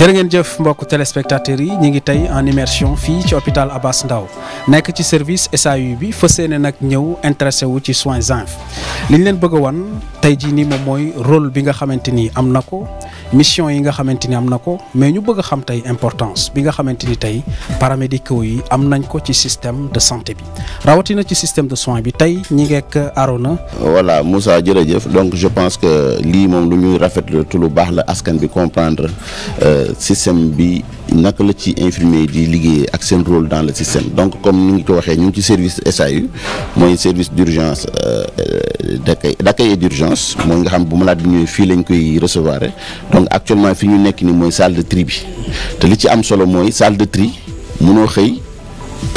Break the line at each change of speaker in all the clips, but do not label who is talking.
jërë ngeen jëf mbokk téléspectateurs yi ñi ngi tey en immersion fii ci hôpital Abass Ndao nekk ci service SAU bi fas yéene nag ñëw intéressé wu ci soins infirmiers li ñu leen bëgg a tey jii nii moom mooy rôle bi nga xamante nii am na ko. mission yi nga xamante ni am na ko mais ñu bëgg a xam tey importance bi nga xamante ni tey paramédicaux yi am nañ ko ci système de santé bi rawatina ci système de soins bi tey ñi ngeek Arona
voilà Moussa jërëjëf donc je pense que lii moom lu ñuy rafetlu te lu baax la askan bi comprendre euh, système bi naka la ci infirmier yi di liggéeyee ak seen rôle dans le système donc comme ni ngi ko waxee ñu ngi ci service SAU mooy service d'urgence euh, d'accueil d'accueil et d'urgence mooy nga xam bu ma bi ñëwee fii lañ koy recevoir donc actuellement fi ñu nekk ni mooy salle de tri bi te li ci am solo mooy salle de tri mënoo xëy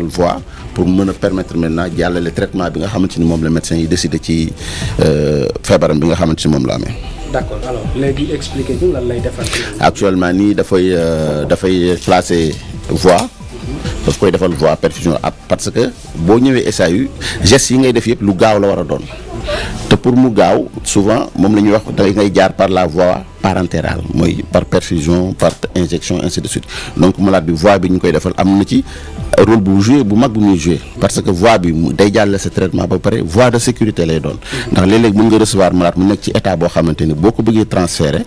defal voie pour mën a permettre maintenant jàllale traitement bi nga xamante ni moom la médecin yi décidé ci euh, feebaram bi nga xamante ni moom la amee.
d'accord alors léegi expliquer ñu lan lay defal.
actuellement nii dafay euh, dafay placer voie. daf koy defal voie perfusion ab parce que boo ñëwee SAU gestes yi ngay def yëpp lu gaaw la war a doon. pour mu gaaw souvent moom la ñuy wax da ngay jaar par la voie parentérale mooy par perfusion par injection ainsi de suite donc malade bi voie bi ñu koy defal am na ci rôle bu joué bu mag bu muy joué parce que voie bi day jàll sa traitement ba pare voie de sécurité lay doon ndax léeg mun mën nga recevoir malade mu nekk ci état boo xamante ni boo ko bëggee transférer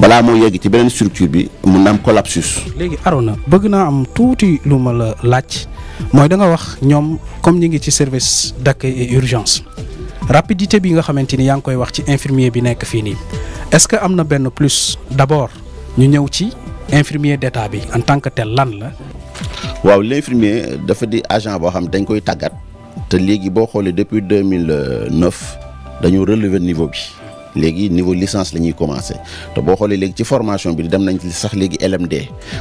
balaa moo yegg ci beneen structure bi mun na am collapsus.
léegi Arona bëgg naa am tuuti lu ma la laaj mooy da nga wax ñoom comme ñu ngi ci service d'accueil et urgence. rapidité bi nga xamante ni yaa ngi koy wax ci infirmier bi nekk fii nii est-ce que am na benn plus d'abord ñu ñëw ci infirmier d'état bi en tant que tel lan la.
waaw l'infirmier dafa di agent boo xam dañ koy tàggat te léegi boo xoolee depuis 2009 dañu relever niveau bi. léegi niveau licence la ñuy commencé te boo xoolee léegi ci formation bi dem nañ ci sax léegi LMD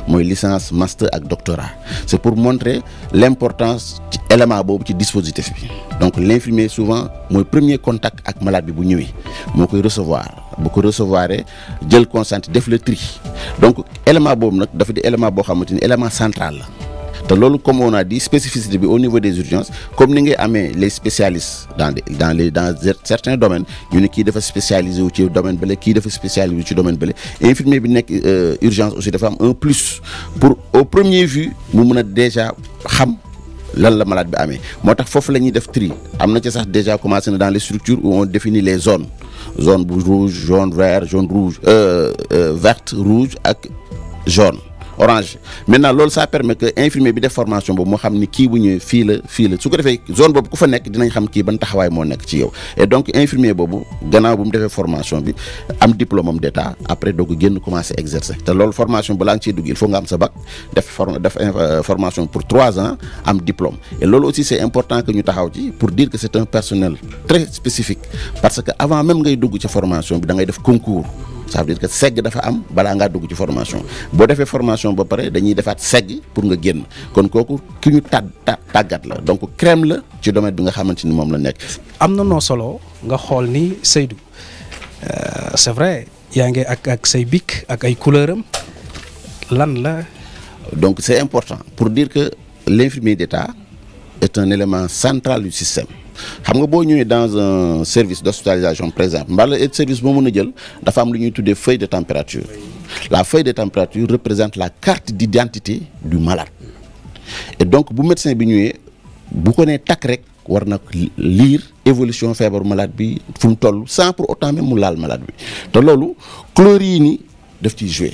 mooy licence master ak doctorat c'est pour montrer l'importance ci élément boobu ci dispositif bi donc l'infirmier souvent mooy premier contact ak malade bi bu ñëwee moo koy recevoir bu ko recevoir jël consenté def le tri donc élément boobu nag dafa di élément boo xamante ni élément central la te loolu comme on a dit spécificité bi au niveau des urgences comme ni ngay amee les spécialistes dans les dans les dans certains domaines ñu ne kii dafa spécialisé wu ci domaine bële ki dafa spécialisé wu ci domaine bële infirmier bi nekk euh, urgence aussi dafa am un plus pour au premier vue mu mën a déjà xam lan la malade bi amee moo tax foofu la ñuy def tri am na ci sax déjà commencé na dans les structures où on définit les zones zone bu rouge jaune vert jaune rouge euh, euh, verte rouge ak orange maintenant loolu ça permet que infirmier bi def formation boobu moo xam ni kii bu ñëwee fii la fii la su ko defee zone boobu ku fa nekk dinañ xam kii ban taxawaay moo nekk ci yow et donc infirmier boobu gannaaw bu mu defee formation bi am diplôme am après doo génn commencé exercer te loolu formation balaa nga ciy dugg il sa bac def for def euh, formation pour trois ans am diplôme et loolu aussi c'est important que ñu taxaw ci pour dire que c'est un personnel très spécifique parce que avant même ngay dugg ca formation bi dangay def concours ça veut dire que segg dafa am balaa ngaa dugg ci formation boo defee formation boo pare dañuy defaat segg pour nga génn kon kooku ki ñu tàgg tàggat la donc crème la ci domaine bi nga xamante ni moom la nekk.
am na noo solo nga xool ni Seydou euh, c'est vrai yaa ngi ak ak say bic ak ay couleur am lan la.
donc c'est important pour dire que l'infirmier d'État est un élément central du système. xam nga boo ñëwee dans un service d' hospitalisation par exemple et service boo mën a jël dafa am lu ñuy tuddee feuille de température la feuille de température représente la carte d' identité du malade et donc bu médecin bi ñëwee bu konee takk rek war nag lire évolution feebaru malade bi fu mu toll sans pour autant même mu laal malade bi te loolu couleurs yi ni daf ciy jouer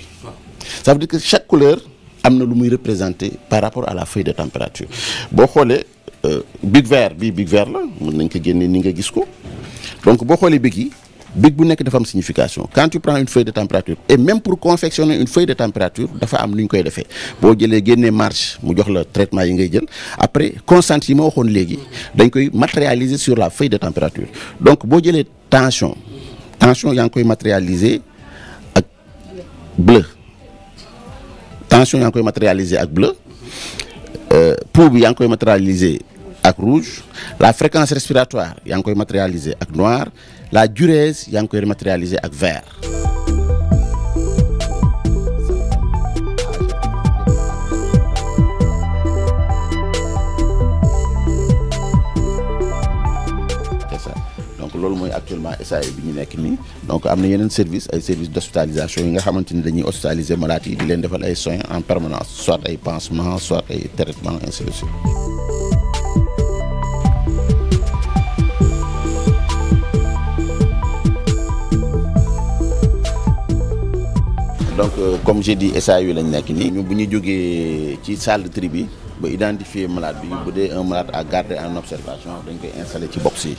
ça veut dire que chaque couleur am na lu muy représenter par rapport à la feuille de température boo xoolee Euh, big vert bii big vert la mën nañ ko génne ni nga gis ko donc boo xoolee big yi bu nekk dafa am signification quand tu prends une feuille de température et même pour confectionner une feuille de température dafa am nu ñu koy defee boo jëlee génnee marge mu jox la traitement yi ngay jël après constante yi ma waxoon léegi dañ koy matérialiser sur la feuille de température donc boo jëlee tension tension yaa ngi koy matérialiser ak bleu tension yaa ngi koy matérialiser ak bleu euh, pouls yaa ngi koy matérialiser ak rouge la fréquence respiratoire yaa ngi koy matérialiser ak noir la diurèse yaa ngi koy matérialiser ak vert. c'est ça donc loolu mooy actuellement SAE bi ñu nekk ni donc am na yeneen service ay service d'hospitalisation yi nga xamante ni dañuy hospitaliser malade yi leen defal ay soins en permanence soit ay pansements soit ay traitements ainsi donc euh, comme j'ai dit SAU lañ nekk nii. ñu bu ñu jógee ci salle de tri bi ba identifier malade bi bu dee un malade à garder en observation dañ koy installer ci box yi.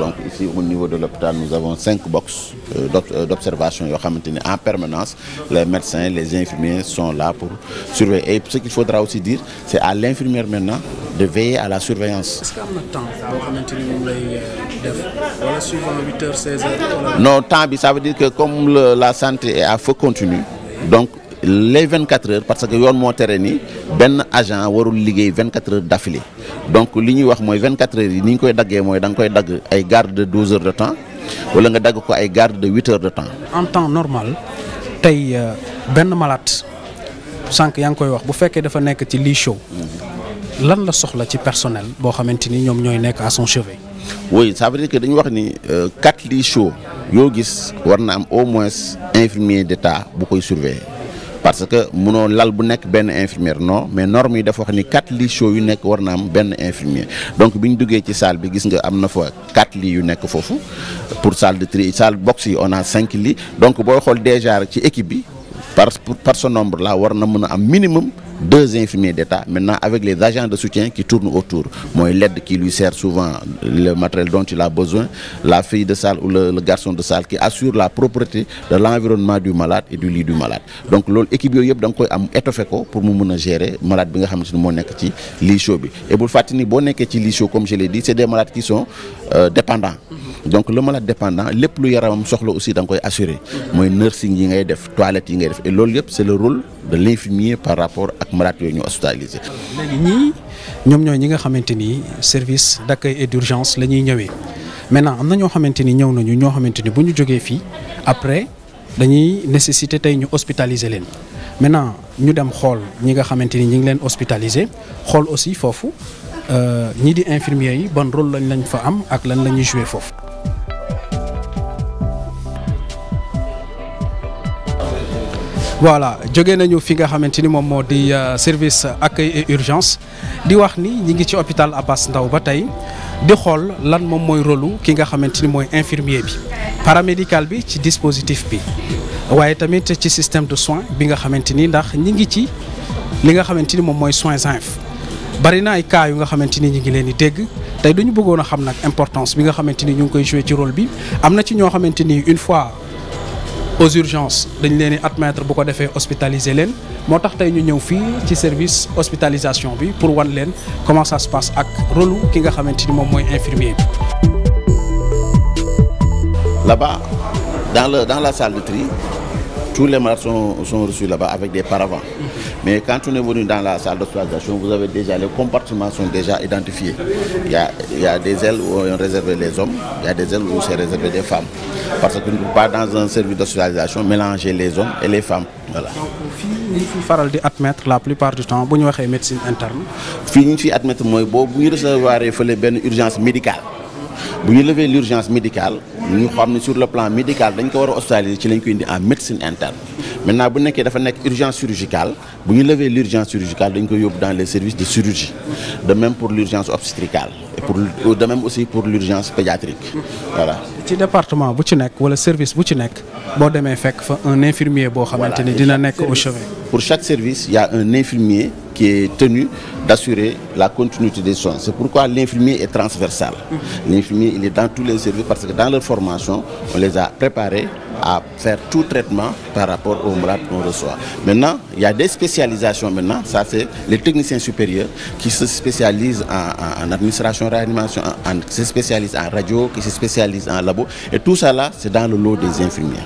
donc ici au niveau de l'hôpital nous avons cinq box euh, euh, d'observation yoo xamante ni en permanence les médecins les infirmiers sont là pour surveiller et ce qu'il faudra aussi dire c'est à l'infirmière maintenant de veiller à la surveillance. est-ce
que am non temps
bi ça veut dire que comme la santé est à feu continu. donc les 24 heures parce que yoon moo tere ni benn agent warul liggéey 24 heures d'affilée donc li ñuy wax mooy 24 heures yi ni ñu koy daggee mooy da koy dagg ay garde de 12 heures de temps wala nga dagg ko ay garde de 8 de temps.
en temps normal tey euh, benn malaat sànq yaa ngi koy wax bu fekkee dafa nekk ci lii show mhm. lan la soxla ci personnel boo xamante ni ñoom ñooy nekk à
oui sa veut dire que wax ni euh, quatre lits chauds yoo gis war na am au moins infirmier d'état bu koy surveiller parce que mënoo lal bu nekk benn infirmière non mais norme yi dafa wax ni quatre lits chauds yu nekk war na am benn infirmier donc bi duggee ci salle bi gis nga am na fa quatre lits yu nekk foofu pour salle de tri salle box yi on a cinq lits donc booy xool déjà rek ci équipe bi par par que nombre la war na mën a am minimum. deux infirmiers d'État maintenant avec les agents de soutien qui tournent autour mooy l'aide qui lui sert souvent le matériel dont il a besoin la fille de salle ou le, le de salle qui assure la propreté de l'environnement du malade et du lit du malade donc loolu équipe yooyu yëpp da nga koy am étoffé ko pour mu mën a gérer malade bi nga xamante ni moo nekk ci lii chaud bi et bul fàttali ni boo nekkee ci lii chaud comme je l'ai dit c'est des malades qui sont euh, lépp lu yaramam soxla aussi da nga koy assurer mooy nursing yi ngay def toilettes yi ngay def et loolu yëpp ak malade yooyu ñu hospitalisé.
léegi ñii ñoom ñooy ñi nga xamante ni service d'accueil et d'urgence la ñuy ñëwee maintenant am na ñoo xamante ni ñëw nañu ñoo xamante ni bu ñu jógee fii après dañuy nécessité tey ñu hospitaliser leen maintenant ñu dem xool ñi nga xamante ni ñu ngi leen hospitaliser xool aussi foofu euh, ñii di infirmiers yi ban rôle lañ lañ fa am ak lan la ñuy jouer foofu. voilà jóge nañu fi nga xamante ni moom moo di euh, service accueil et urgence di wax ni ñi ngi ci hôpital Abass ndaw ba tey di xool lan moom mooy rôlu ki nga xamante ni mooy infirmier bi paramédical bi ci dispositif bi waaye tamit ci système de soins bi nga xamante ni ndax ñi ngi ci li nga xamante ni moom mooy soins inf bari na ay cas yu nga xamante ni ñu ngi leen di dégg tey dañu bëggoon a xam nag importance bi nga xamante ni ñu ngi koy joué ci rôle bi am na ci ñoo xamante ni une fois aux urgences dañ leen di admettre bu ko defee hospitaliser leen moo tax tey ñu ñëw fii ci service hospitalisation bi pour wan leen comment ça se ak rôle ki nga xamante ni moom mooy infirmier bi.
là-bas dans le dans la salle tous les malades sont, sont reçus là-bas avec des paravents. Mais quand on venu dans la salle d'hospitalisation, vous avez déjà, les compartiments sont déjà identifiés. Il y a, des ailes on réservé les hommes, il y a des ailes où c'est réservé les femmes. Parce que nous ne pouvons pas, dans un service d'hospitalisation, mélanger les hommes et les femmes.
fi faral di la plupart du temps bu ñu waxee médecine interne.
fii ñu fi admettre mooy boobu bu ñu recevoir fële benn urgence médicale. bu ñu levee l'urgence médicale ñu xam ne sur le plan médical dañ ko war a hospitaliser ci lañ koy indi en médecine interne maintenant bu nekkee dafa nekk urgence chirurgicale bu ñu levee l'urgence chirurgicale dañ koy yóbbu dans les services de chirurgie de même pour l'urgence obstétricale et pour de même aussi pour l'urgence pédiatrique voilà.
ci département bu ci nekk wala service bu ci nekk boo demee fekk fa un infirmier boo xamante ni dina nekk au chevet.
pour chaque service il qui est tenu d'assurer la continuité des soins. C'est pourquoi l'infirmier est transversal. Mm-hmm. L'infirmier, il est dans tous les services parce que dans leur formation, on les a préparés à faire tout traitement par rapport au malades qu'on reçoit. Maintenant, il y a des spécialisations maintenant, ça c'est les techniciens supérieurs qui se spécialisent en, en, en administration, réanimation, en, en, se spécialisent en radio, qui se spécialisent en labo. Et tout ça là, c'est dans le lot des infirmières.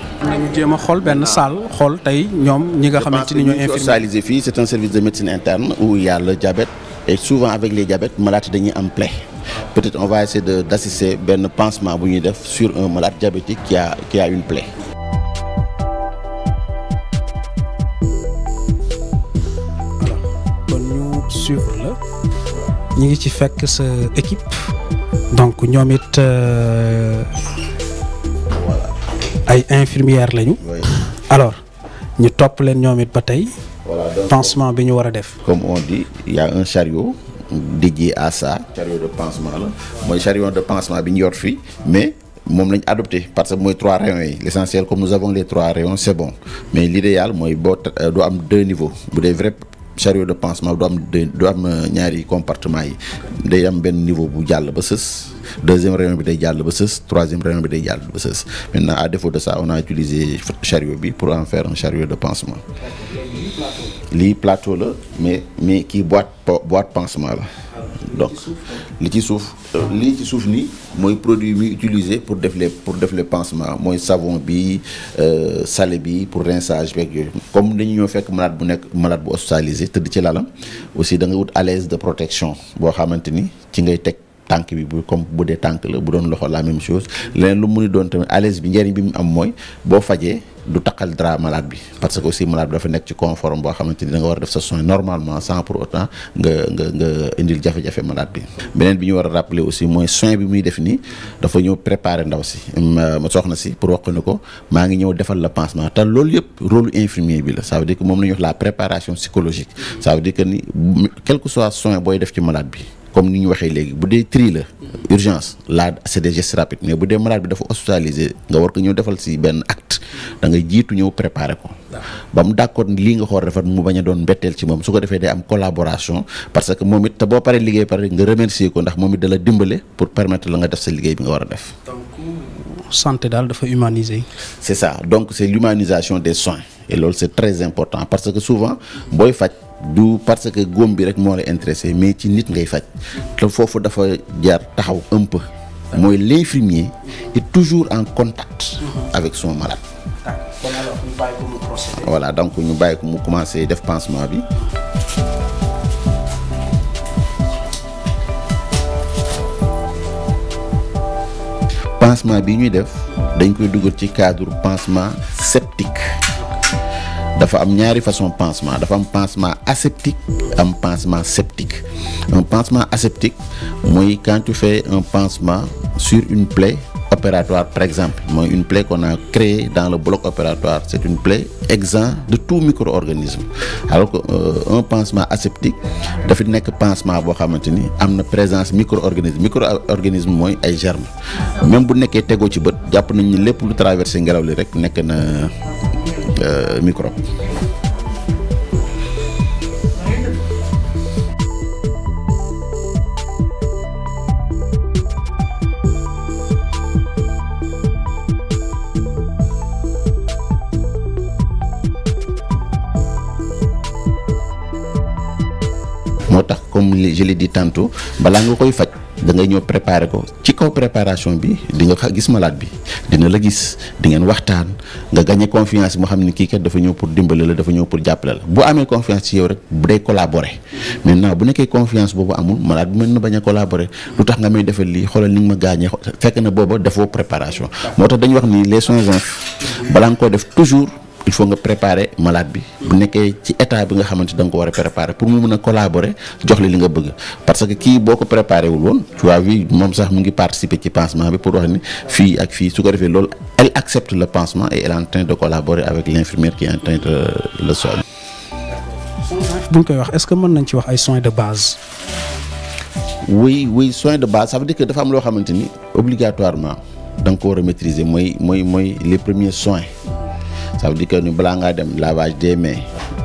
C'est un service de médecine interne où il y a le diabète et souvent avec les diabètes, malades dañuy am plaie. Peut-être on va essayer d'assister benn pansement bu def sur un malade diabétique qui a
ñi ngi ci fekk sa équipe donc ñoom it euh, ay infirmières lañu. alors ñu topp leen ñoom it ba tey. pansement bi ñu war a def.
comme on dit il y a un chariot. dédié à ça. chariot de pansement la mooy chariot de pansement bi ñu yor fii mais. moom lañ adopté parce que mooy trois rayons yi l'essentiel comme nous avons les trois rayons c'est bon mais l'idéal mooy boo euh, du am deux niveaux bu dee vrai chariot de pansement du am du am euh, ñaari compartement yi day am benn niveau bu jàll ba sës deuxième rayon bi day jàll ba sës troisième rayon bi day jàll ba sës maintenant à défaut de ça on a utilisé chariot bi pour en faire un chariot de pansement lii plateau la mais mais kii boîte boîte pansement la donc li ci suuf lii ci suuf nii mooy produit mi utiliser pour def les pour def les mooy savon bi euh, sale bi pour rinçage beeg yooyu comme dañu ñoo fekk malade bu nekk malade bu hospitalisé tëdd ci lalam aussi da nga wut à de protection boo xamante ni ci ngay teg tànk bi bu comme bu dee tànk la bu doon loxo la même chose leneen lu mu muni doon tamit à bi njëriñ bi mu am mooy boo fajee du takkal drap malaat bi parce que aussi malade bi dafa nekk ci conforme boo xamante ni da nga war a def sa soin normalement sans pour autant nga nga nga indil jafe-jafe malade bi. beneen bi ñu war a rappeler aussi mooy soin bi muy def nii dafa ñëw préparer ndaw si ma soxna si pour wax ni ko maa ngi ñëw defal la pansement te loolu yëpp rôle infirmier bi la sa veut dire que moom la ñuy wax la préparation psychologique ça veut dire que ni quel que soin booy def ci malade bi. comme ni ñu waxee léegi bu dee tri la urgence la c'est des gestes rapides mais bu dee malade bi dafa hospitalisé nga war ko ñëw defal si benn acte da jiitu ñëw préparer ko ba mu d'accord lii nga xool defar mu bañ a doon mbetteel ci moom su ko defee day am collaboration parce que moom it te boo paree liggéey pare nga remercier ko ndax moom it dala dimbale pour permettre la nga def sa liggéey bi nga war a def
santé daal dafa humaniser.
c'est ça donc c'est l'humanisation des soins et loolu c'est parce que souvent booy faj du parce que góom bi rek moo la intéressé mais ci nit ngay faj te foofu dafa jaar taxaw un mooy l'infirmier est toujours en contact avec son malade voilà donc ñu bàyyi ko mu commencé def pansement bi pansement bi ñuy def dañ koy dugal ci cadre pansement septique dafa am ñaari façon pansement dafa am pansement aseptique am pansement septique un pansement aseptique mooy quand tu fais un pansement sur une plaie opératoire par exemple mooy une plaie qu'on a créée dans le bloc opératoire c'est une plaie exempt de tout micro-organisme alors que euh, un pansement aseptique dafa nekk pansement boo xamante ni am na présence micro-organisme micro-organisme mooy ay germes même bu nekkee tegoo ci bët jàpp nañ ni lépp lu traversé ngelaw li rek nekk na Euh, microbe. moo tax comme je l'ai dit tantôt nga koy faj. da ngay ñëw préparer ko ci kaw préparation bi di nga gis malaat bi dina la gis di ngeen waxtaan nga gagné confiance bi moo xam ne kii kat dafa ñëw pour dimbali la dafa ñëw pour jàppale la bu amee confiance ci yow rek bu day collaborer maintenant bu nekkee confiance boobu amul malade bi mën na bañ a collaborer lu tax nga may defal lii xoolal ni nga ma gaañee fekk na booba defoo préparation moo tax dañu wax ni les soins balaa nga koo def toujours. il nga préparer malade bi bu nekkee ci état bi nga xamante da nga ko war a préparer pour mu mun a collaborer jox li li nga bëgg parce que kii boo ko préparé wul woon tu moom sax mu ngi participer ci pansement bi pour wax ni fii ak fii su ko defee loolu elle accepte le pansement et elle est en train de collaborer avec l'infirmière qui est en train le soigner.
bu ñu koy wax est-ce que mën nañ ci wax ay soins de base.
oui oui soins de base ça veut dire que dafa am loo xamante ni obligatoirement da ko war a maîtriser mooy mooy mooy les premiers soins. ça veut dire ni balaa ngaa dem lavage des mains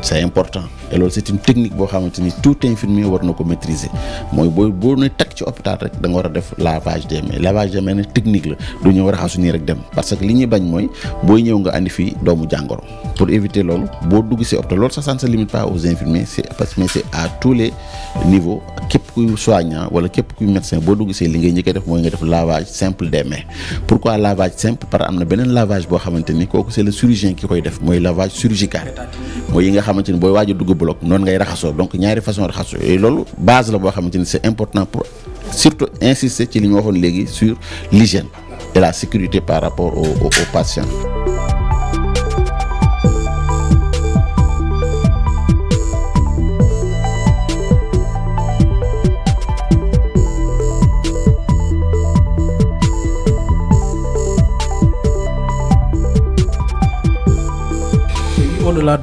c'est important et loolu c'est technique boo xamante ni tout infirmier war na ko maîtriser mooy boo boo ne tag ci hôpital rek da nga war a def lavage des mains lavage des mains nag technique la du ñu raxasu nii rek dem parce que li ñu bañ mooy booy ñëw nga andi fi doomu jàngoro pour éviter loolu boo dugg si hôpital loolu sax ça ne se limite pas aux infirmiers à tous les niveaux képp kuy soignant wala képp kuy médecin boo dugg see li ngay njëkk a def mooy nga def lavage simple des mains boo xamante ni kooku c'est le chirurgien ki koy def mooy lavage chirurgical mooy yi nga a dugg bloc noonu ngay raxasoo donc ñaari façon raxasoo yooyu loolu base la boo xamante ni c'est important pour surtout insister ci li ñu waxoon léegi sur l'hygiène et la sécurité par rapport aux aux, aux patients.
au-delà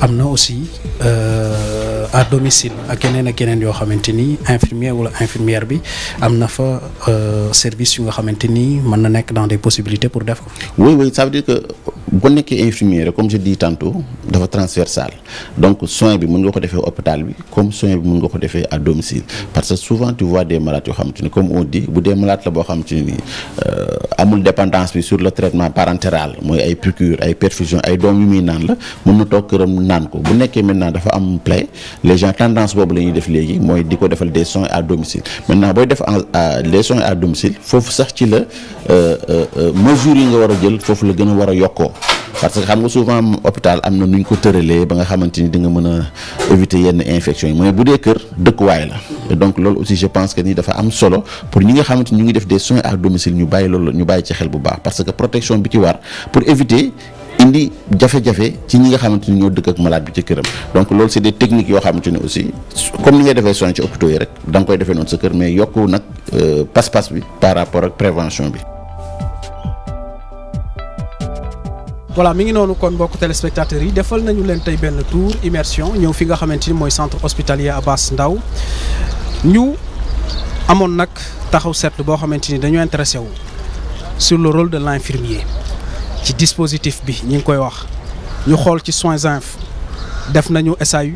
am na aussi. Euh, à domicile a keneen ak yeneen yoo xamante ni infirmier wala infirmière bi am na fa euh, service yu nga xamante nii mën na nekk dans des possibilités pour def ko.
oui oui ça veut dire que boo nekkee infirmier comme je dis tantôt dafa transversal donc soin bi mun nga ko defee hôpital bi comme soin bi mën nga ko defee à domicile parce que souvent tu vois des malades yoo xamante ni comme on di bu dee malade la boo xamante ni euh, amul dépendance bi sur le traitement parentéral mooy ay piqûre ay perfusion ay doom yu la mën na toog këram naan ko bu nekkee maintenant dafa am plaie les gens tendance boobu la ñuy def léegi mooy di ko defal des soins à domicile naa booy def en les soins à domicile foofu sax ci la euh, euh, euh, mesures yi nga war a jël foofu la gën a war a yokkoo parce que xam nga souvent hôpital am na nu ñu ko tëralee ba nga xamante ni di nga mën a éviter yenn infection yi mais bu dee kër dëkkuwaay la et donc loolu aussi je pense que ni dafa am solo pour ñi nga xamante ñu ngi def des soins à domicile ñu bàyyi loolu ñu bàyyi ci xel bu baax parce que protection bi ci war pour éviter indi jafe-jafe ci ñi nga xamante ni ñoo dëkk ak malade bi ci këram donc loolu c'est des techniques yoo xamante ni aussi comme ni ngay defee soin ci hôpitaux yi rek da koy defee noonu sa kër mais yokk nag euh, pas-pas bi par rapport ak prévention bi.
voilà mi ngi noonu kon mbokk téléspectateurs yi defal nañu leen tey benn tour immersion ñëw fi nga xamante ni mooy centre hospitalier Abass ndaw ñu amoon nag taxaw seetlu boo xamante ni dañu intéressé wu sur le rôle de l'infirmier. ci dispositif bi ñi ngi koy wax ñu xool ci soins inf def nañu SAU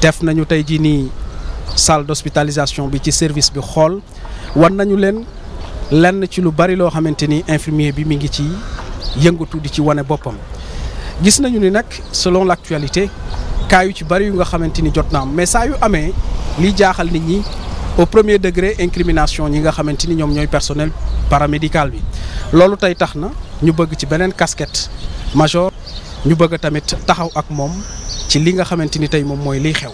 def nañu tey jii nii salle d'hospitalisation bi ci service bi xool war nañu leen lenn ci lu bari loo xamante ni infirmier bi mi ngi ci yëngatu di ci wane boppam gis nañu ni nag selon l'actualité cas yu ci bari yu nga xamante ni jot na am mais saa yu amee liy jaaxal nit ñi au premier degré incrimination ñi nga xamante ni ñoom ñooy personnel paramédical bi loolu tey tax na ñu bëgg ci beneen kasket major ñu bëgg tamit taxaw ak moom ci li nga xamante ni tey moom mooy liy xew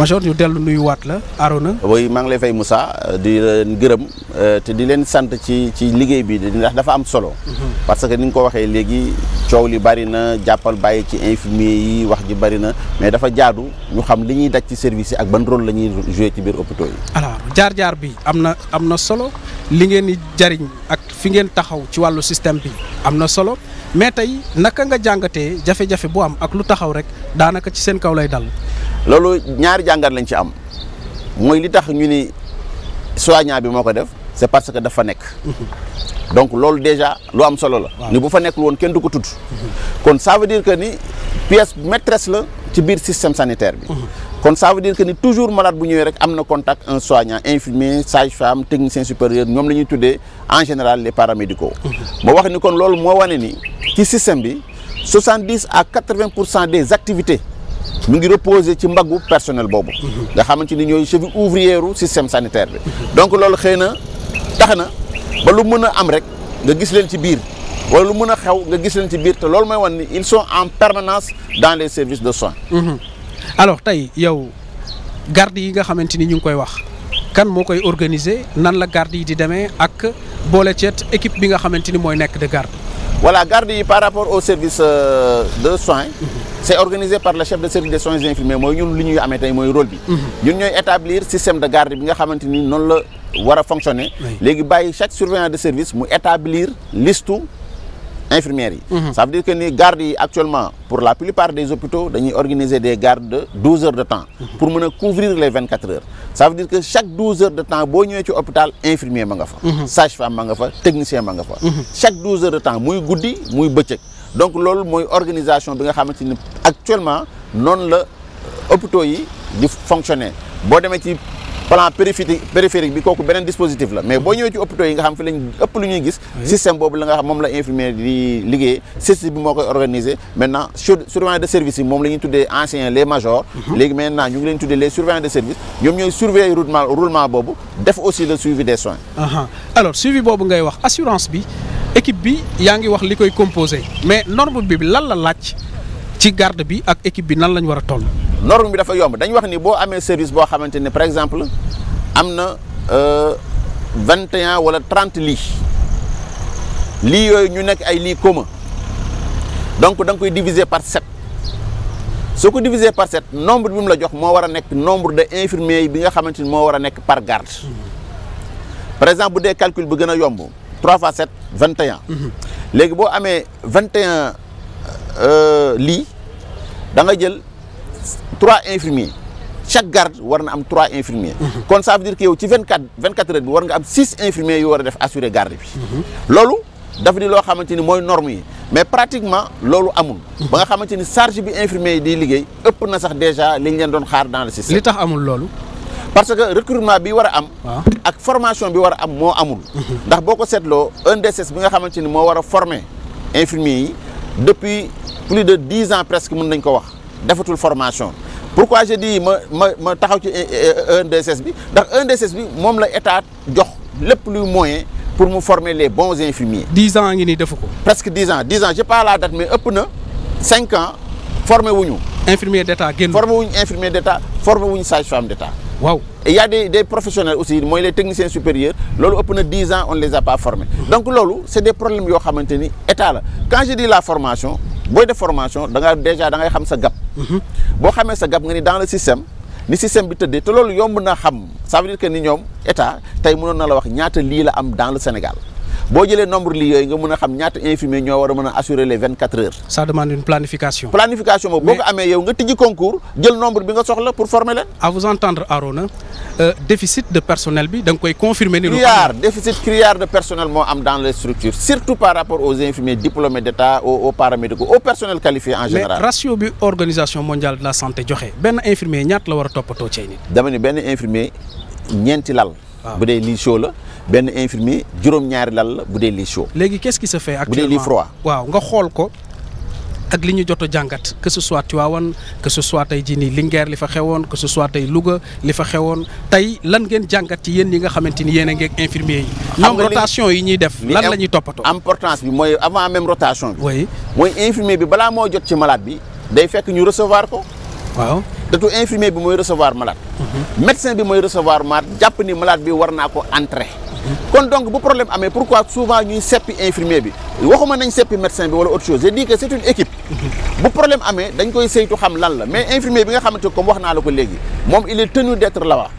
major ñu dellu waat la Arona.
oui maa ngi lay fay Moussa di leen gërëm euh, te di leen sant ci ci liggéey bi ndax dafa am solo. Mhm. parce que ni nga ko waxee léegi coow li bari na jàppal bàyyi ci infirmier yi wax ji bari na mais dafa jaadu ñu xam li ñuy daj ci service yi ak ban rôle la ñuy ci biir hôpitaux yi.
alors jaar-jaar bi am na am na solo li ngeen di jariñ ak fi ngeen taxaw ci wàllu système bi am na solo mais tey naka nga jàngatee jafe-jafe bu am ak lu taxaw rek daanaka ci seen kaw lay dal.
loolu ñaari jàngat lañ ci am mooy li tax ñu ni soignant bi moo ko def c'est parce que dafa nekk. Mhm. donc loolu déjà lu am solo la. ni bu fa nekkul woon kenn du ko tudd. Mhm. kon ça veut que ni pièce maîtresse la ci biir système sanitaire bi. Mhm. kon ça veut dire que ni toujours malade bu ñëwee rek am na contact un soignant infirmier sage-femme technicien supérieur ñoom la ñuy tuddee en général les paramédicaux. ma wax ni kon loolu moo wane ni ci système bi 70 à 80 pour cent des activités. mu ngi reposer ci mbaggu personnel boobu. nga xamante ni ñooy cheville ouvrière système sanitaire bi. donc loolu xëy na tax na ba lu mën a am rek nga gis leen ci biir wala lu mën a xew nga gis leen ci biir te loolu mooy wan ni ils sont en permanence dans les services de soins.
Mm-hmm. alors tey yow garde yi nga xamante ni ñu ngi koy wax kan moo koy organiser nan la garde yi di demee ak boole ceet équipe bi nga xamante ni mooy nekk de garde.
voilà garde yi par rapport au service euh, de soins. Mhm. c'est organisé par le chef de service des soins infirmiers mooy ñun li ñuy amee tey mooy rôle bi. Mhm. ñun ñooy établir système de garde bi nga xamante ni noon la war fonctionner. léegi bàyyi chaque surveillant de service mu établir listu infirmières yi. Mm -hmm. ça veut dire que ni gardes yi actuellement pour la plupart des hôpitaux dañuy organiser des gardes de heures de temps. Mhm. pour mën a couvrir les heures. ça que chaque heures de temps boo ñëwee ci hôpital infirmier ma nga fa. Mhm. sage-femme ma nga fa technicien ma nga fa. Mhm. chaque heures de temps muy guddi muy bëccëg. donc loolu mooy organisation bi nga xamante ni actuellement noonu la hôpitaux yi di fonctionner boo demee ci. plan périphérique périphérique bi kooku beneen dispositif la mais boo ñëwee ci hôpitaux yi nga xam fi lañ ëpp lu ñuy gis système boobu la nga xam moom la infirmier di liggéey bi moo koy organisé maintenant surveillant de service yi moom la ñuy tuddee anciens les majors mhm. léegi maintenant ñu ngi leen tuddee les surveillants de service ñoom ñooy surveiller roulement roulement boobu def aussi le suivi des soins
alors suivi boobu ngay wax assurance bi équipe bi yaa ngi wax li koy composé mais norme bi lan la laaj ci garde bi ak équipe bi nan lañ war a toll
norme bi dafa yomb dañ wax ni boo amee service boo xamante par exemple am na euh, vingt et un wala trente lits lits yooyu ñu nekk ay lits communs donc da koy diviser par sept soo ko diviser par sept nombre bi mu la jox moo war a nekk nombre de infirmiers yi bi nga xamante ni moo war a nekk par garde mm-hmm. par exemple bu dee calcul bu gën a yomb trois fois sept vingt et mm-hmm. léegi boo amee vingt et un euh, lits jël trois infirmiers chaque garde war na am trois infirmiers. Mhm. kon ça veut dire que ci vingt quatre vingt quatre heures bi war nga am six infirmiers yu war a def assurer garde bi. Mhm. loolu dafa di loo xamante ni mooy norme yi mais pratiquement loolu amul. Mhm. ba nga xamante ni charge bi infirmiers yi di liggéey ëpp na sax déjà li ñu leen doon xaar dans le système. li tax amul loolu. parce que recrutement bi war am. Ah. ak formation bi war a am moo amul. ndax boo ko seetloo ENDSS bi nga xamante ni moo war a former infirmiers yi depuis de dix ans presque mën nañ ko wax. defatul formation pourquoi je dis ma ma ma taxaw ci 1DSS eh, eh, bi ndax 1DSS bi moom la état jox lépp luy moyen pour mu former les bons infirmiers. 10 ans ngi nii defu ko. presque 10 ans 10 ans j'ai pas la date mais ëpp na 5 ans formé wu ñu. infirmier d'état génn. formé wu ñu wu ñu sage-femme d'état. waaw et y a des des aussi mooy les techniciens supérieurs loolu ëpp na 10 ans on les a pas formés. Mmh. donc loolu c'est des problèmes yoo xamante ni état la quand la formation. booy def formation da nga déjà da ngay sa gap. Mhm. boo xamee sa gap nga ni dans le système ni système bi tëddee te loolu yomb na xam ça veut que ni ñoom état tey mënoon na la wax ñaata lii la am dans le Sénégal. boo jëlee nombre lii yooyu nga mën a xam ñaata infirmier ñoo war a mën a assurer les vingt quatre heures.
ça demande une planification. planification boobu boo ko amee yow nga tijji concours jël nombre bi nga soxla pour former leen. à vous entendre Arona euh, déficit de personnel bi danga koy confirmer. ni lu criard déficit
criard de personnel moo am dans les structures surtout par rapport aux infirmiers diplômés d'État aux aux paramédicaux au personnel qualifié en général. mais
ratio bi joxe benn infirmier ñaata war toppatoo cay nit.
dama ni benn infirmier ñeenti lal. bu dee lii chaud la benn infirmier juróom-ñaari lal la bu dee lii chaud. léegi qu'est-ce qui se fait actuellement bu dee froid.
waaw nga xool ko. ak li ñu jot jàngat que ce soit Tivaouane que ce soit tey jii nii Linguère li fa xewoon que ce tey Louga li fa xewoon tey lan ngeen jàngat ci yéen yi nga xamante ni yéen a ngeeg infirmier yi. ñoom rotation yi ñuy def. lan la ñuy toppatoo importance bi mooy avant même
rotation bi. oui mooy infirmier bi balaa moo jot ci malaat bi day fekk ñu recevoir ko. waaw datu infirmier bi mooy recevoir malade. Mhm. médecin bi mooy recevoir malade jàpp ni malade bi war naa ko entrer. kon donc bu problème amee pourquoi souvent ñuy seppi infirmier bi waxuma nañ seppi médecin bi wala autre chose j'ai dit que c'est une équipe. Mhm. bu problème amee dañ koy saytu xam lan la mais infirmier bi nga xamante comme wax naa la ko léegi moom il est tenu d'être là-bas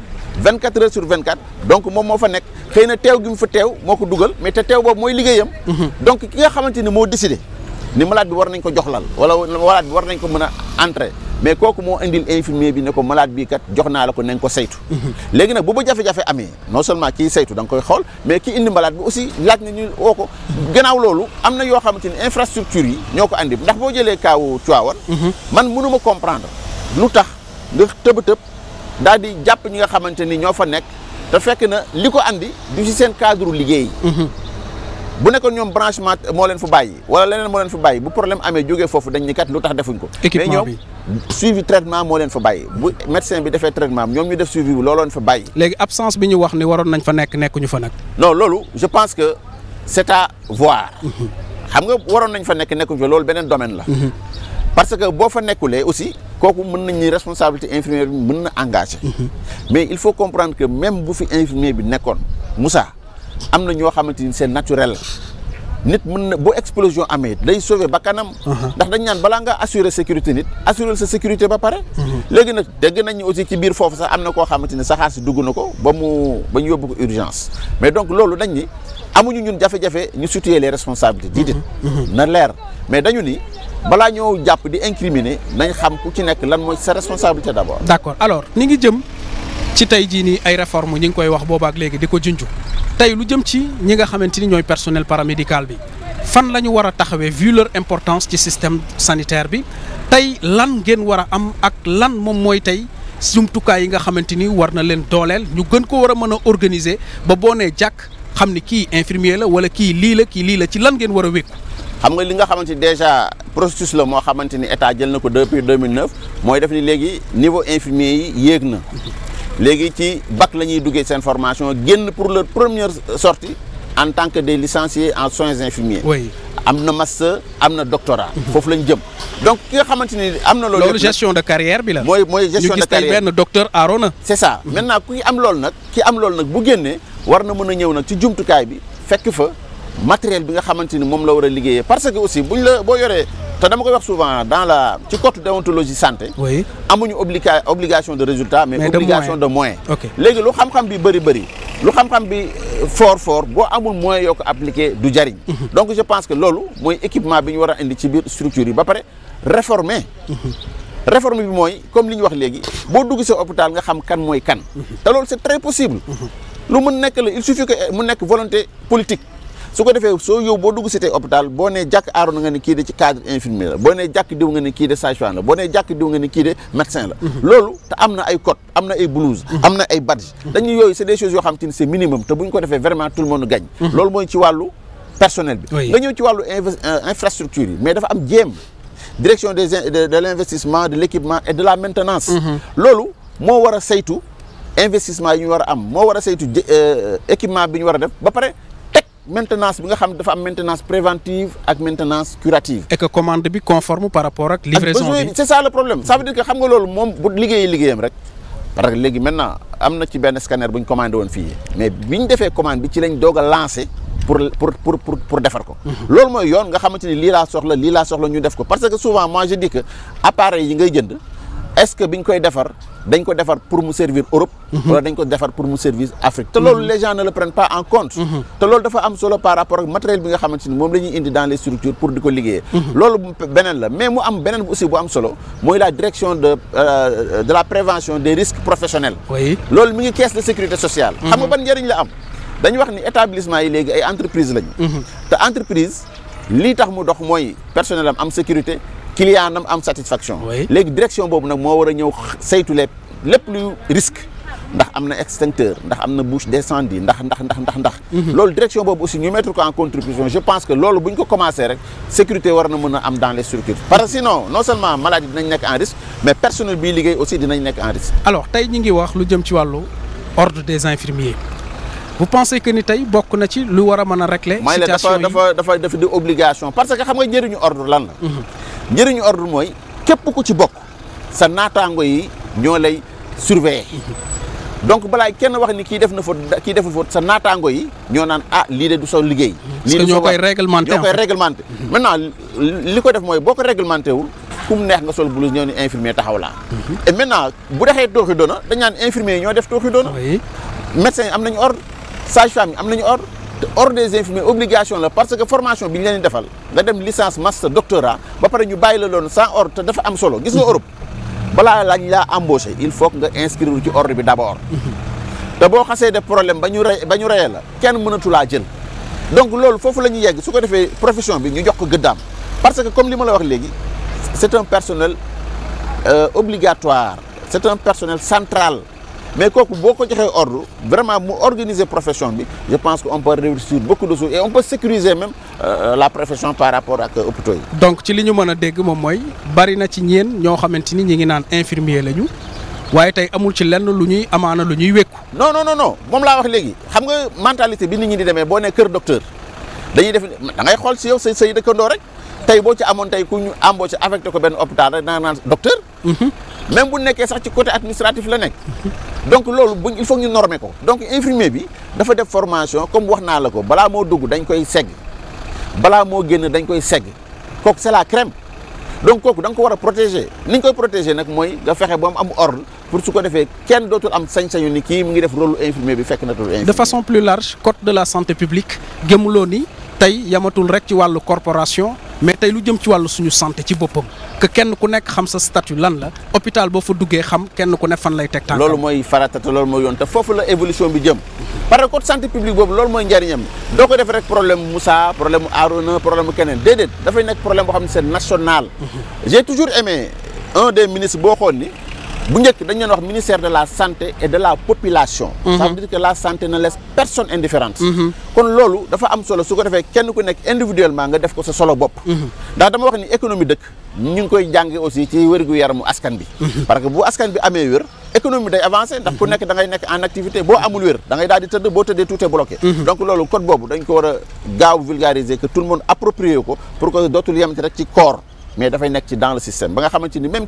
24 heures sur 24 donc moom moo fa nekk xëy na teew gi mu fa teew moo ko dugal mais te teew boobu mooy liggéeyam. Mhm. donc ki nga xamante ni moo décidé. ni malade bi war nañ ko jox lal wala malade bi war nañ ko mën a entrer mais kooku moo indil infirmier bi ne ko malade bi kat jox naa la ko nañ ko saytu mhm. léegi nag bu ba jafe-jafe amee non seulement kii saytu da koy xool mais ki indi malade bi aussi laaj na ñu woo ko gannaaw loolu am na yoo xamante ni infrastructure yi ñoo ko andi ndax boo jëlee kaawu Tivaouane mhm. man mënuma comprendre lu tax nga tëba-tëb daal di jàpp ñi nga xamante ni ñoo fa nekk te fekk na li ko andi du ci seen cadre liggéey mhm. bu nekkoon ñoom branchement moo leen fu bàyyi wala leneen moo leen fu bàyyi bu problème amee jógee foofu dañ ni kat lu tax defuñ ko mais ñoom suivi traitement moo leen fa bàyyi bu médecin bi defee traitement ñoom ñu def suivi bi looloon fa bàyyi
léegi absence bi ñu wax ni waroon nañ fa nekk nekkuñu fa nag
non loolu je pense que c'est à voir mhm. xam nga waroon nañ fa nekk nekkuñu fa loolu beneen domaine la mhm. parce que boo fa nekkulee aussi kooku mën nañ ni responsabilité infirmière mën na engagé mhm. mais il faut comprendre même bu fi infirmier bi nekkoon Moussa am na ñoo xamante ni c'est naturel nit mun na boo explosion amee day sauver ba kanam uh-huh. ndax dañ naan balaa nga assurer sécurité nit assurer sa sécurité ba pare uh-huh. léegi nag dégg nañu aussi ci biir foofu sax am na koo xamante ni saxaar si dugg na ko ba mu ba ñu yóbbu ko urgence mais donc loolu dañ ni amuñu ñun jafe-jafe ñu situer les responsabilités di uh-huh. na leer mais dañu ni balaa ñoo jàpp di incriminer nañ xam ku ci nekk lan mooy sa responsabilité d'abord
d'accord alors ni ngi jëm ci tey jii nii ay réforme ñi ngi koy wax boobaak léegi di ko junj tey lu jëm ci ñi nga xamante ni ñooy personnel paramédical bi fan la ñu war a taxawee vu importance ci système sanitaire bi tey lan ngeen war a am ak lan moom mooy tey jumtukaay yi nga xamante ni war na leen dooleel ñu gën ko war a mën a organiser ba boo nee jàkk xam ni kii infirmier la wala kii lii la kii lii la ci lan ngeen war a wékku. xam
nga li nga xamante ni déjà processus la moo xamante ni état jël na ko depuis 2009 mooy def ni léegi niveau infirmier yéeg na. léegi ci bac la ñuy duggee seen formation génn pour leur première sortie en tant que des licenciés en soins infirmiers. oui am na master am na doctorat. Mhm. foofu la ñu jëm donc ki nga xamante ni am na. loolu gestion
de carrière bi la. mooy mooy gestion de carrière ñu
gis benn docteur Arona. c'est ça mhm. maintenant kuy am lool nag ki am loolu nag bu génnee war na mën a ñëw nag ci jumtukaay bi fekk fa. matériel bi nga xamante ni moom la war a liggéeyee parce que aussi buñ la boo yoree te dama koy wax souvent dans la ci code déontologie santé. oui amuñu obliga obligation de résultat. mais, mais obligation de moyen ok léegi lu xam-xam bi bëri bëri. lu xam-xam bi euh, fort fort boo amul moyen yoo ko appliqué du jariñ. Mhm. donc je pense que loolu mooy équipement bi ñu war indi ci biir structure yi ba pare réformer. Mhm. réforme bi mooy comme li ñu wax léegi boo dugg sa hôpital nga xam kan mooy kan. Mhm. te loolu c'est très possible. lu mu nekk volonté politique. su ko defee soo yow boo dugg cité hôpital boo nee jàkk aaroon nga ne kii de ci cadre infirmier la boo nee jàkk diw nga ne kii de sage-femme la boo nee jàkk diw nga ne kii de médecin la mhm. loolu te am na ay code am na ay blouse am na ay badge dañuy yooyu c'est des choses yoo xam te ni c'est minimum te bu ñu ko defee vraiment tout le monde gagne mhm. loolu mooy ci wàllu personnel bi nga ñëw ci wàllu euh, infrastructure yi mais dafa am jéem direction des de l'investissement de l'équipement et de la maintenance mhm. loolu moo war a saytu investissement yi ñu war a am moo war a saytu euh, équipement bi ñu war a def ba pare maintenance bi nga xam dafa am maintenance préventive ak maintenance
curative. et que commande bi conforme par rapport ak. livraison bi c'est
ça le problème. ça dire que xam nga loolu moom bu liggéeyee liggéeyam rek. parce que léegi am na ci benn scanner bu ñu commandé woon fii mais bi defee commande bi ci lañ doog a lancé pour pour pour pour pour defar ko. Mhm. loolu mooy yoon nga xamante ni lii laa soxla lii laa soxla ñu def ko parce que souvent moi je dis yi ngay jënd. est-ce que biñ koy defar dañ ko defar pour mu servir Europe. Mhm. wala dañ ko defar pour mu servir Afrique. te loolu mhm. les gens ne le pas en compte. Mhm. te loolu dafa am solo par rapport ak matériel bi nga xamante ni moom la ñuy indi dans les structures pour di ko liggéeyee. loolu beneen la mais mu am beneen bu am solo mooy la direction euh, de la prévention des risques professionnels. oui loolu mi ngi caisse de sécurité sociale. xam nga ban njëriñ la am. dañu wax ni établissement yi léegi ay entreprise lañu. te lii tax mu dox mooy personnel am am sécurité. client nam am satisfaction. léegi direction boobu nag moo war a ñëw saytu lépp lépp risque. ndax am na extincteur ndax am na bouche d'incendie ndax ndax ndax ndax ndax. Mhm. loolu direction boobu aussi ñu mettre ko en contribution je pense que loolu bu ñu ko commencé rek sécurité war na mën a am dans les structures. parce que sinon non seulement maladie dinañ nekk en risque mais personnel biy liggéey aussi dinañ nekk en risque.
alors tey ñu ngi wax lu jëm ci wàllu ordre des infirmiers. vous pensez que ni tey bokk na ci lu war a mën a régler situation yi dafa
dafa dafa di obligation parce que xam nga njëriñu ordre lan la mhm. njëriñu ordre mooy képp ku ci bokk sa naataango yi ñoo lay surveiller mhm. donc balaa kenn wax ni kii def na faute kii deful faute sa naataango yi ñoo naan ah lii de du sa liggéey mhm. lii ñoo koy réglementé ñoo koy réglementé li ko def mooy boo ko réglementé wul ku mu neex nga sol blouse ñëw ni infirmier taxaw laa et maintenant bu dexee tooxi doona dañ naan infirmier yi def tooxi doona médecin yi am nañu ordre sage-femme yi am nañu ordre te ordre des infirmiers obligation la parce que formation bi ñu leen defal nga dem licence master doctorat ba pare ñu bàyyi la loon sans ordre te dafa am solo gis nga mhm. Europe balaa lañ laa embauché il faut que nga inscrire ci ordre bi d'abord mhm. te boo xasee def problème ba ñu rey ba ñu reyee la kenn mënatu laa jël donc loolu foofu la ñuy yegg su ko defee profession bi ñu jox ko gëddaam parce que comme li ma la wax léegi c'est un personnel euh, obligatoire c'est un personnel central mais kooku boo ko joxee ordre vraiment mu organiser profession bi je pense que on peut réussir beaucoup de choses et on peut sécuriser même euh, la profession par rapport ak hôpitaux yi.
donc ci li ñu mën a dégg moom mooy bari na ci ñeen ñoo xamante ni ñi ngi naan infirmier lañu waaye tey amul ci lenn lu ñuy amaana lu ñuy wékku. non non no moom laa wax léegi xam nga
mentalité bi nit ñi di demee boo ne kër docteur dañuy def da xool si yow say say dëkkandoo rek tey boo ci amoon tey ku ñu embauché affecté ko benn hôpital rek da nga naan même bu nekkee sax ci côté administratif la nekk donc loolu buñ il faut ñu normer ko donc infirmier bi dafa def formation comme wax naa la ko balaa moo dugg dañ koy segg balaa moo génn dañ koy segg kooku c'est la crème donc kooku da ko war a protéger ni ñu koy protéger nag mooy nga fexe ba mu am ordre pour su ko defee kenn dootul am sañ-sañu ni kii mu ngi def rôle infirmier bi fekk na tul infirmier. de
façon plus large code de la santé publique gëmuloo ni tey yamatul rek ci wàllu corporation. mais tey lu jëm ci wàllu suñu santé ci boppam kenn ku nekk xam sa statut lan la hôpital boo fa duggee xam kenn ku ne fan lay teg tànk loolu
mooy farata te loolu mooy yoon te foofu la évolution bi jëm parce que code santé publique boobu loolu mooy njariñam doo ko def rek problème Moussa problème Arouna problème keneen déedéet dafay nekk problème boo xam ne c'est national mhm. j'ai toujours aimé un des ministres boo xoon ni bu njëkk dañ leen wax ministère de la santé et de la population. Mhm. ça veut la santé ne laisse personne indifférente. Mhm. kon loolu dafa am solo su ko defee kenn ku nekk individuellement nga def ko sa solo bopp. Mhm. ndax dama wax ni économie dëkk ñu ngi koy jànge aussi ci gu yaram askan bi. parce que bu askan bi amee wér. économie day avancé ndax ku nekk da ngay nekk en activité boo amul wér da ngay daal di tëdd boo tëddee tout est donc loolu code boobu dañ ko a gaaw vulgariser que ko pour que dootul ci rek ci corps mais dafay nekk ci dans le système ba nga xamante ni même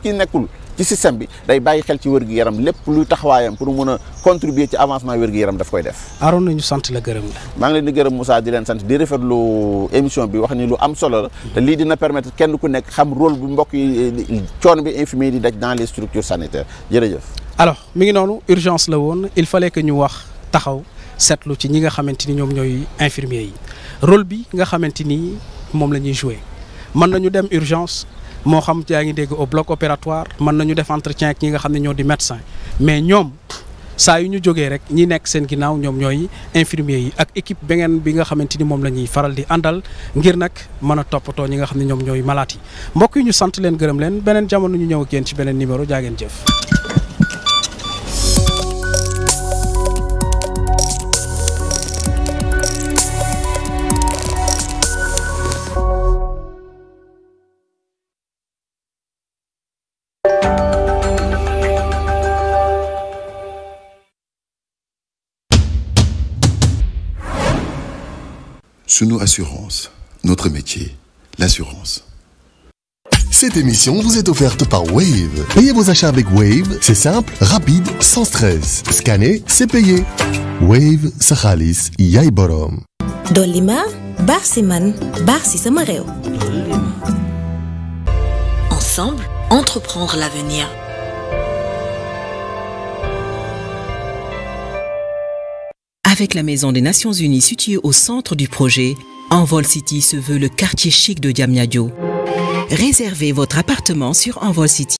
ci système bi day bàyyi xel ci wér-gu-yaram lépp luy taxawaayam pour mën a contribuer ci avancement wér-gu-yaram daf koy def.
Aaron nañu sant la gërëm la.
maa ngi leen di gërëm Moussa di leen sant di rafetlu émission bi wax ni lu am solo la te lii dina permettre kenn ku nekk xam rôle bu mbokk yi coono bi infirmier di daj dans les structures sanitaires jërëjëf.
alors mi ngi noonu urgence la woon il fallait que ñu wax taxaw seetlu ci ñi nga xamante ni ñoom ñooy infirmier yi rôle bi nga xamante ni moom la ñuy joué mën nañu dem urgence. moo xam yaa ngi dégg au bloc opératoire mën nañu def entretien ak ñi nga xam ne ñoo di médecin mais ñoom saa yu ñu jógee rek ñi nekk seen ginnaaw ñoom ñooy infirmier yi ak équipe ngeen bi nga xamante ni moom la ñuy faral di àndal ngir nag mën a toppatoo ñi nga xam ne ñoom ñooy malaat yi mbokk yi ñu sant leen gërëm leen beneen jamono ñu ñëw ak ci beneen numéro jaa ngeen jëf.
Sunu Assurance, notre métier, l'assurance. Cette émission vous est offerte par Wave. Payez vos achats avec Wave, c'est simple, rapide, sans stress. Scanner, c'est payé. Wave sa xaalis yaay boroom.
dolli Ensemble, entreprendre l'avenir. Avec la Maison des Nations Unies située au centre du projet, Envol City se veut le quartier chic de Diamniadio. Réservez votre appartement sur Envol City.